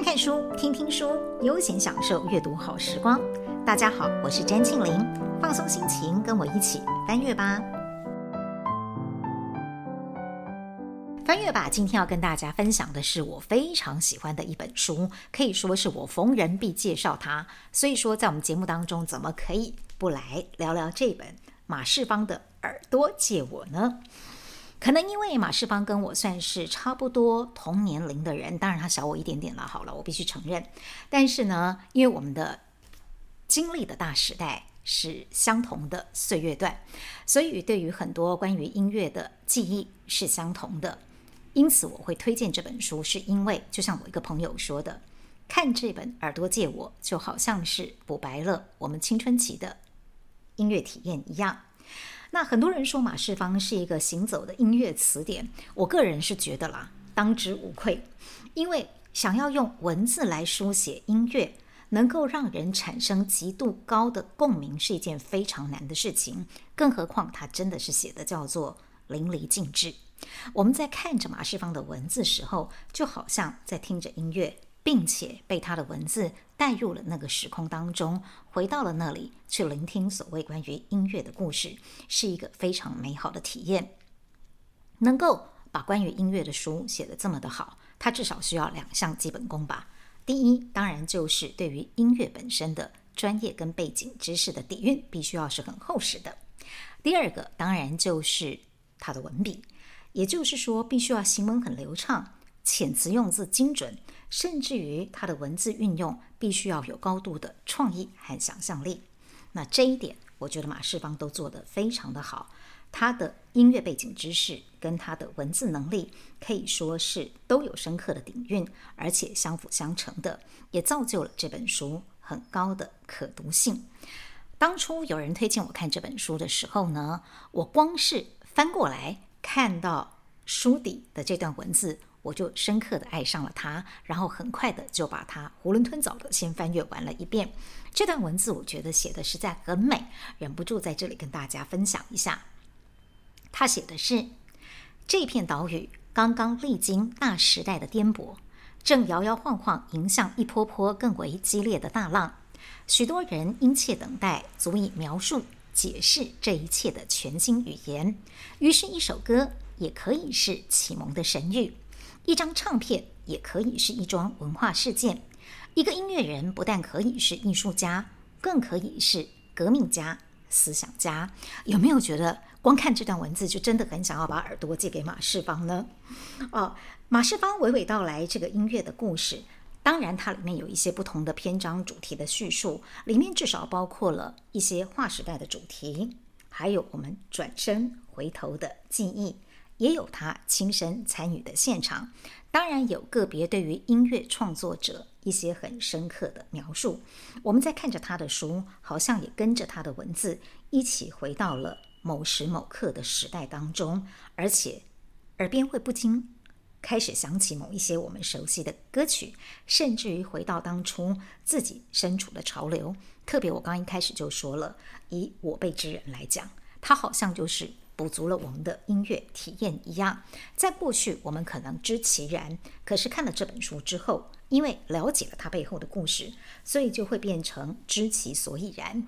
看看書，聽聽書，悠閒享受閱讀好時光。大家好，我是詹慶林，放鬆心情，跟我一起翻閱吧。翻閱吧，今天要跟大家分享的是我非常喜歡的一本書，可以說是我逢人必介紹它。所以說，在我們節目當中，怎麼可以不來聊聊這本馬世芳的《耳朵借我》呢？可能因為馬世芳跟我算是差不多同年齡的人，當然他小我一點點了，好了，我必須承認。但是呢，因為我們的經歷的大時代是相同的歲月段，所以對於很多關於音樂的記憶是相同的。因此，我會推薦這本書，是因為就像我一個朋友說的，看這本《耳朵借我》，就好像是補白了我們青春期的音樂體驗一樣。那很多人說馬世芳是一個行走的音樂詞典，我個人是覺得啦，當之無愧。因為想要用文字來書寫音樂，能夠讓人產生極度高的共鳴是一件非常難的事情。更何況他真的是寫的叫做淋漓盡致。我們在看着馬世芳的文字時候，就好像在聽着音樂。並且被他的文字帶入了那個時空當中，回到了那裡去聆聽所謂關於音樂的故事，是一個非常美好的體驗。能夠把關於音樂的書寫得這麼的好，他至少需要兩項基本功吧？第一，當然就是對於音樂本身的專業跟背景知識的底蘊，必須要是很厚實的。第二個，當然就是他的文筆，也就是說，必須要行文很流暢，遣詞用字精準。甚至於他的文字運用必須要有高度的創意和想象力。那這一點，我覺得馬世芳都做得非常的好。他的音樂背景知識跟他的文字能力，可以說是都有深刻的底蘊，而且相輔相成的，也造就了這本書很高的可讀性。當初有人推薦我看這本書的時候呢，我光是翻過來看到書底的這段文字。我就深刻的愛上了它，然後很快的就把它囫圇吞棗的先翻閱完了一遍。這段文字我覺得寫得實在很美，忍不住在這裡跟大家分享一下。他寫的是：這片島嶼剛剛歷經大時代的顛簸，正搖搖晃晃迎向一波波更為激烈的大浪。許多人殷切等待足以描述解釋這一切的全新語言，於是，一首歌也可以是啟蒙的神諭。一張唱片也可以是一樁文化事件，一個音樂人不但可以是藝術家，更可以是革命家、思想家。有沒有覺得光看這段文字就真的很想要把耳朵借給馬世芳呢？哦，馬世芳娓娓道來這個音樂的故事，當然它裡面有一些不同的篇章主題的敘述，裡面至少包括了一些劃時代的主題，還有我們轉身回頭的記憶。也有他親身參與的現場，當然有個別對於音樂創作者一些很深刻的描述。我們在看着他的書，好像也跟着他的文字一起回到了某時某刻的時代當中，而且耳邊會不禁開始響起某一些我們熟悉的歌曲，甚至於回到當初自己身處的潮流。特別我剛一開始就說了，以我輩之人來講，他好像就是。補足了我們的音樂體驗一樣，在過去我們可能知其然，可是看了這本書之後，因為了解了它背後的故事，所以就會變成知其所以然。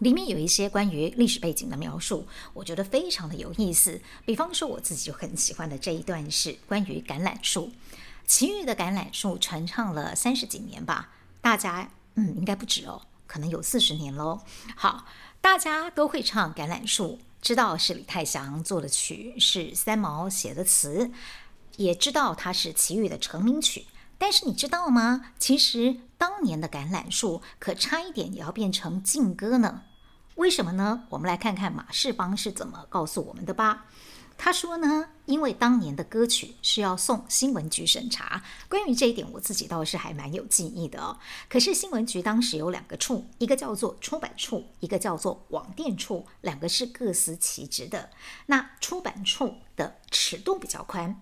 裡面有一些關於歷史背景的描述，我覺得非常的有意思。比方說，我自己就很喜歡的這一段是關於橄欖樹。齊豫的《橄欖樹》傳唱了三十幾年吧，大家嗯，應該不止哦，可能有四十年嘍。好，大家都會唱《橄欖樹》。知道是李泰祥做的曲，是三毛寫的詞，也知道它是齊豫的成名曲。但是你知道嗎？其實當年的《橄欖樹》可差一點也要變成禁歌呢。為什麼呢？我們來看看馬世芳是怎麼告訴我們的吧。他說呢，因為當年的歌曲是要送新聞局審查。關於這一點，我自己倒是還蠻有記憶的哦。可是新聞局當時有兩個處，一個叫做出版處，一個叫做廣電處，兩個是各司其職的。那出版處的尺度比較寬，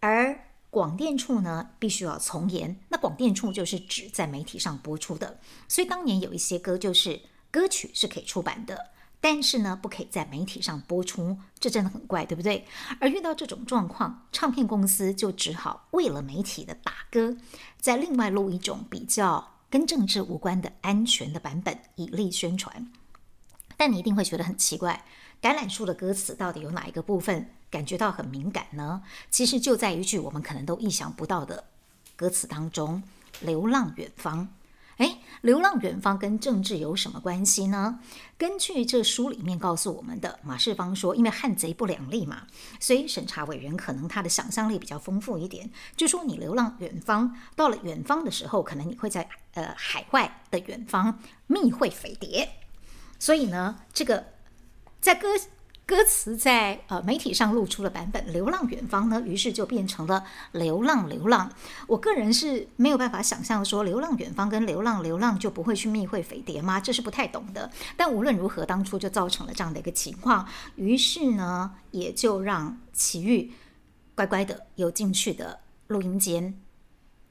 而廣電處呢，必須要從嚴。那廣電處就是指在媒體上播出的，所以當年有一些歌就是歌曲是可以出版的。但是呢，不可以在媒體上播出，這真的很怪，對不對？而遇到這種狀況，唱片公司就只好為了媒體的打歌，再另外錄一種比較跟政治無關的安全的版本，以利宣傳。但你一定會覺得很奇怪，橄欖樹的歌詞到底有哪一個部分感覺到很敏感呢？其實就在一句我們可能都意想不到的歌詞當中，“流浪遠方”。哎，流浪遠方跟政治有什麼關係呢？根據這書裡面告訴我們的，馬世芳說，因為漢賊不兩立嘛，所以審查委員可能他的想象力比較豐富一點，就說你流浪遠方，到了遠方的時候，可能你會在呃海外的遠方密會匪諜，所以呢，這個在歌。歌詞在呃媒體上露出了版本，流浪遠方呢，於是就變成了流浪流浪。我個人是沒有辦法想象說，流浪遠方跟流浪流浪就不會去密會匪諜嗎？這是不太懂的。但無論如何，當初就造成了這樣的一個情況，於是呢，也就讓齊豫乖乖的又進去的錄音間，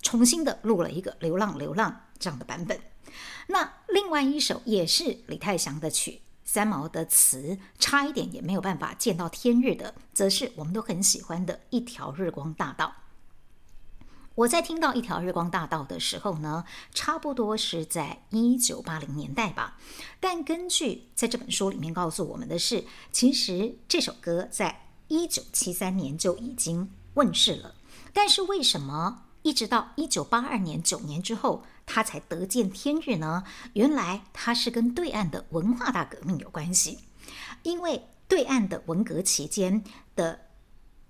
重新的錄了一個流浪流浪這樣的版本。那另外一首也是李泰祥的曲。三毛的詞差一點也沒有辦法見到天日的，則是我們都很喜歡的一條日光大道。我在聽到一條日光大道的時候呢，差不多是在一九八零年代吧。但根據在這本書裡面告訴我們的是，其實這首歌在一九七三年就已經問世了。但是為什麼一直到一九八二年，九年之後，他才得見天日呢。原來他是跟對岸的文化大革命有關係，因為對岸的文革期間的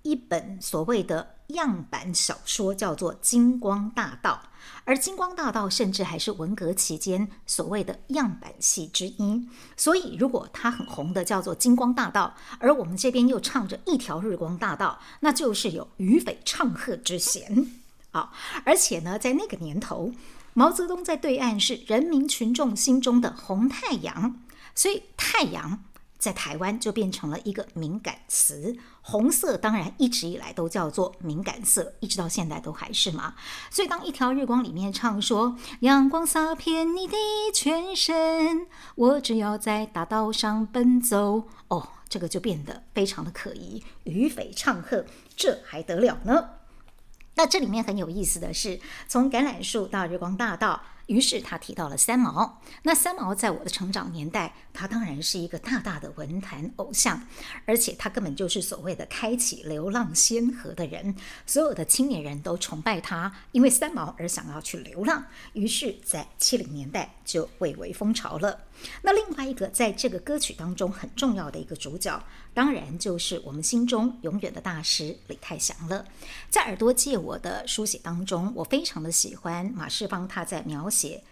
一本所謂的樣板小說叫做《金光大道》，而《金光大道》甚至還是文革期間所謂的樣板戲之一。所以，如果它很紅的叫做《金光大道》，而我們這邊又唱着一條日光大道，那就是有與匪唱和之嫌啊！而且呢，在那個年頭。毛澤東在對岸是人民群眾心中的紅太陽，所以太陽在台灣就變成了一個敏感詞。紅色當然一直以來都叫做敏感色，一直到現在都還是嘛。所以當一條日光裡面唱說“陽光灑遍你的全身，我只要在大道上奔走”，哦，這個就變得非常的可疑。與匪唱和，這還得了呢？那這裡面很有意思的是，從橄欖樹到日光大道。於是他提到了三毛，那三毛在我的成長年代，他當然是一個大大的文壇偶像，而且他根本就是所謂的開啟流浪先河的人，所有的青年人都崇拜他，因為三毛而想要去流浪。於是，在七零年代就蔚為風潮了。那另外一個在這個歌曲當中很重要的一個主角，當然就是我們心中永遠的大師李泰祥了。在《耳朵借我》的書寫當中，我非常的喜歡馬世芳他在描寫。解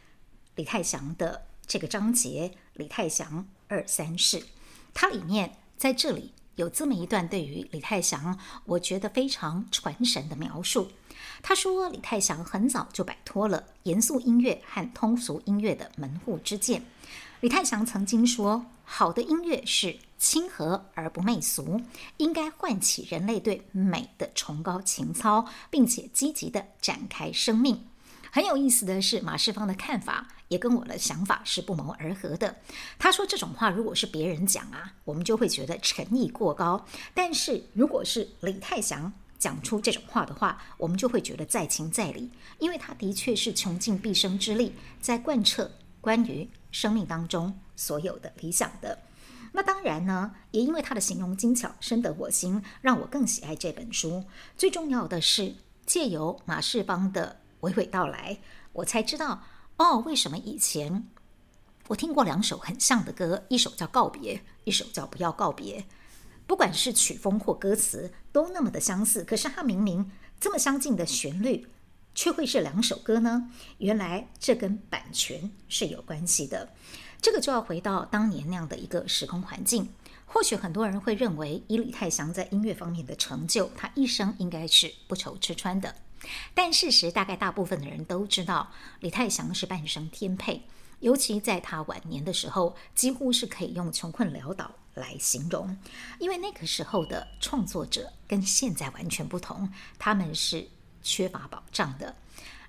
李泰祥的這個章節《李泰祥二三事》，它裡面在這裡有這麼一段對於李泰祥，我覺得非常傳神的描述。他說：“李泰祥很早就擺脫了嚴肅音樂和通俗音樂的門戶之見。李泰祥曾經說，好的音樂是親和而不媚俗，應該喚起人類對美的崇高情操，並且積極地展開生命。”很有意思的是，馬世芳的看法也跟我的想法是不謀而合的。他說，這種話如果是別人講啊，我們就會覺得誠意過高；但是如果是李泰祥講出這種話的話，我們就會覺得在情在理，因為他的確是窮盡畢生之力在貫徹關於生命當中所有的理想的。那當然呢，也因為他的形容精巧，深得我心，讓我更喜愛這本書。最重要的是，借由馬世芳的娓娓道來，我才知道哦，為什麼以前我聽過兩首很像的歌，一首叫《告別》，一首叫《不要告別》，不管是曲風或歌詞，都那麼的相似。可是它明明這麼相近的旋律，卻會是兩首歌呢？原來這跟版權是有關係的。這個就要回到當年那樣的一個時空環境。或許很多人會認為，以李泰祥在音樂方面的成就，他一生應該是不愁吃穿的。但事實大概大部分的人都知道，李泰祥是半生天配，尤其在他晚年的時候，幾乎是可以用窮困潦倒來形容，因為那個時候的創作者跟現在完全不同，他們是缺乏保障的。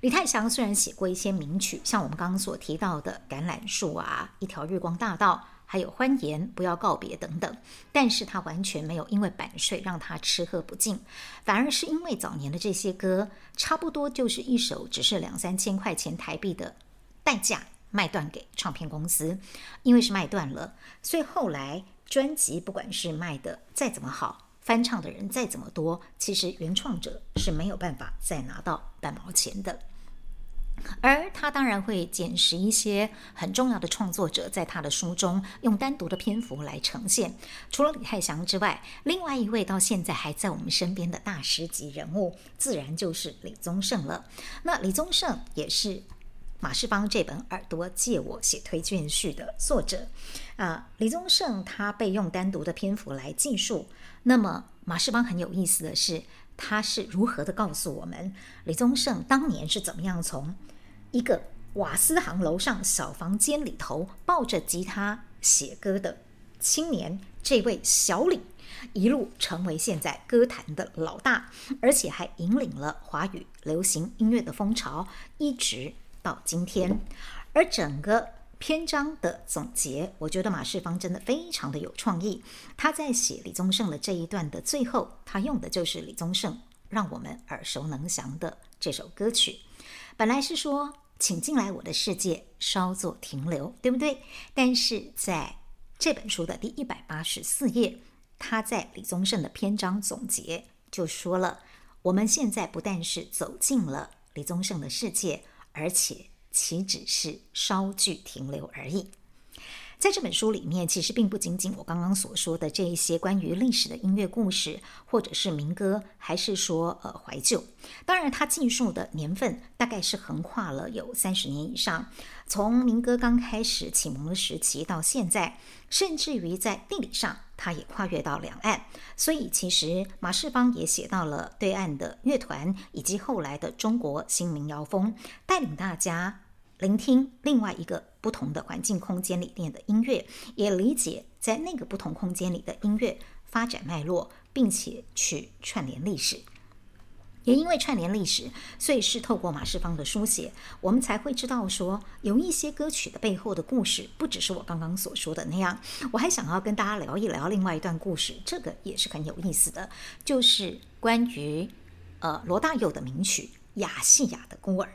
李泰祥雖然寫過一些名曲，像我們剛剛所提到的《橄欖樹》啊，《一條日光大道》。還有歡顏，不要告別等等，但是他完全沒有因為版稅讓他吃喝不盡，反而是因為早年的這些歌，差不多就是一首只是兩三千塊錢台幣的代價賣斷給唱片公司，因為是賣斷了，所以後來專輯不管是賣的再怎麼好，翻唱的人再怎麼多，其實原創者是沒有辦法再拿到半毛錢的。而他當然會撿拾一些很重要的創作者，在他的書中用單獨的篇幅來呈現。除了李泰祥之外，另外一位到現在還在我們身邊的大師級人物，自然就是李宗盛了。那李宗盛也是馬世芳這本《耳朵借我》寫推薦序的作者啊。李宗盛他被用單獨的篇幅來記述。那麼馬世芳很有意思的是，他是如何的告訴我們，李宗盛當年是怎麼樣從。一個瓦斯行樓上小房間裡頭抱着吉他寫歌的青年，這位小李一路成為現在歌壇的老大，而且還引領了華語流行音樂的風潮，一直到今天。而整個篇章的總結，我覺得馬世芳真的非常的有創意。他在寫李宗盛的這一段的最後，他用的就是李宗盛讓我們耳熟能詳的這首歌曲。本來是說。請進來我的世界，稍作停留，對不對？但是在這本書的第一百八十四頁，他在李宗盛的篇章總結就說了：我們現在不但是走進了李宗盛的世界，而且豈止是稍具停留而已。在這本書裡面，其實並不僅僅我剛剛所說的這一些關於歷史的音樂故事，或者是民歌，還是說呃懷舊。當然，它敘述的年份大概是橫跨了有三十年以上，從民歌剛開始啟蒙的時期到現在，甚至於在地理上，它也跨越到兩岸。所以，其實馬世芳也寫到了對岸的樂團，以及後來的中國新民謠風，帶領大家。聆聽另外一個不同的環境空間裡面的音樂，也理解在那個不同空間裡的音樂發展脈絡，並且去串聯歷史。也因為串聯歷史，所以是透過馬世芳的書寫，我們才會知道說有一些歌曲的背後的故事，不只是我剛剛所說的那樣。我還想要跟大家聊一聊另外一段故事，這個也是很有意思的，就是關於呃羅大佑的名曲《亞細亞的孤兒》。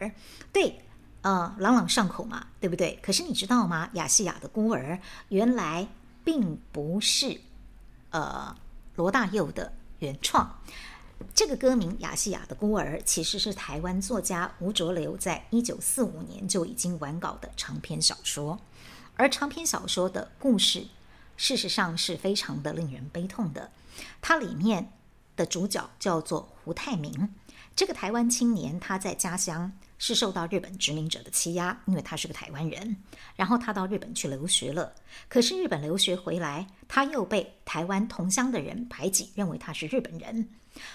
對。啊、嗯，朗朗上口嘛，對不對？可是你知道嗎，《亞細亞的孤兒》原來並不是呃羅大佑的原創。這個歌名《亞細亞的孤兒》其實是台灣作家吳濁流在一九四五年就已經完稿的長篇小說，而長篇小說的故事事實上是非常的令人悲痛的。它裡面的主角叫做胡太明，這個台灣青年他在家鄉。是受到日本殖民者的欺壓，因為他是個台灣人。然後他到日本去留學了，可是日本留學回來，他又被台灣同鄉的人排擠，認為他是日本人。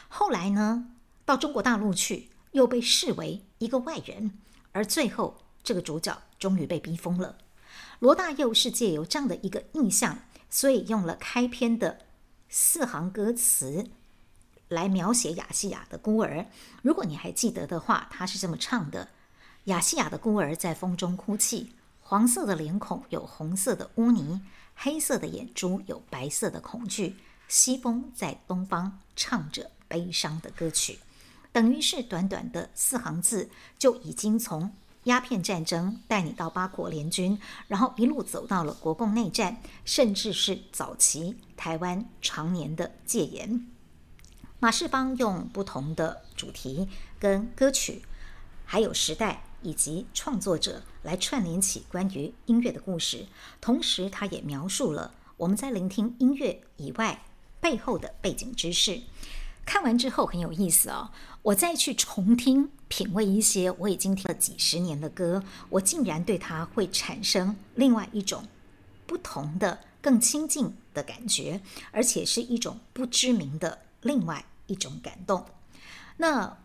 後來呢，到中國大陸去，又被視為一個外人。而最後，這個主角終於被逼瘋了。羅大佑是借由這樣的一個印象，所以用了開篇的四行歌詞。來描寫亞細亞的孤兒。如果你還記得的話，他是這麼唱的：“亞細亞的孤兒在風中哭泣，黃色的臉孔有紅色的污泥，黑色的眼珠有白色的恐懼。西風在東方唱着悲傷的歌曲。”等於是短短的四行字，就已經從鴉片戰爭帶你到八國聯軍，然後一路走到了國共內戰，甚至是早期台灣常年的戒嚴。馬世芳用不同的主題跟歌曲，還有時代以及創作者來串聯起關於音樂的故事，同時他也描述了我們在聆聽音樂以外背後的背景知識。看完之後很有意思哦，我再去重聽品味一些我已經聽了幾十年的歌，我竟然對它會產生另外一種不同的、更親近的感覺，而且是一種不知名的另外一種感動。那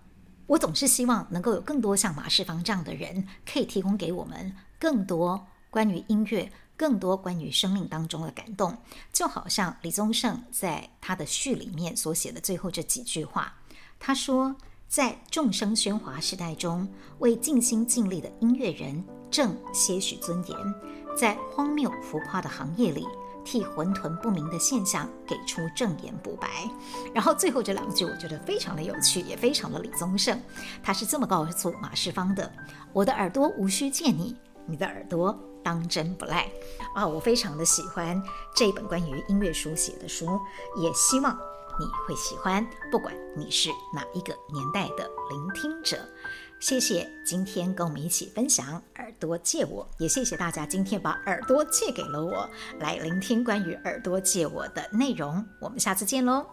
我總是希望能夠有更多像馬世芳這樣的人，可以提供給我們更多關於音樂、更多關於生命當中的感動。就好像李宗盛在他的序裡面所寫的最後這幾句話，他說：“在眾生喧嘩時代中，為盡心盡力的音樂人掙些許尊嚴，在荒謬浮誇的行業裡。”替混沌不明的現象給出正言不白，然後最後這兩句我覺得非常的有趣，也非常的李宗盛，他是這麼告訴馬世芳的：“我的耳朵無需借你，你的耳朵當真不賴啊！”我非常的喜歡這一本關於音樂書寫的書，也希望你會喜歡，不管你是哪一個年代的聆聽者。謝謝今天跟我們一起分享耳朵借我，也謝謝大家今天把耳朵借給了我，來聆聽關於耳朵借我的內容。我們下次見嘍。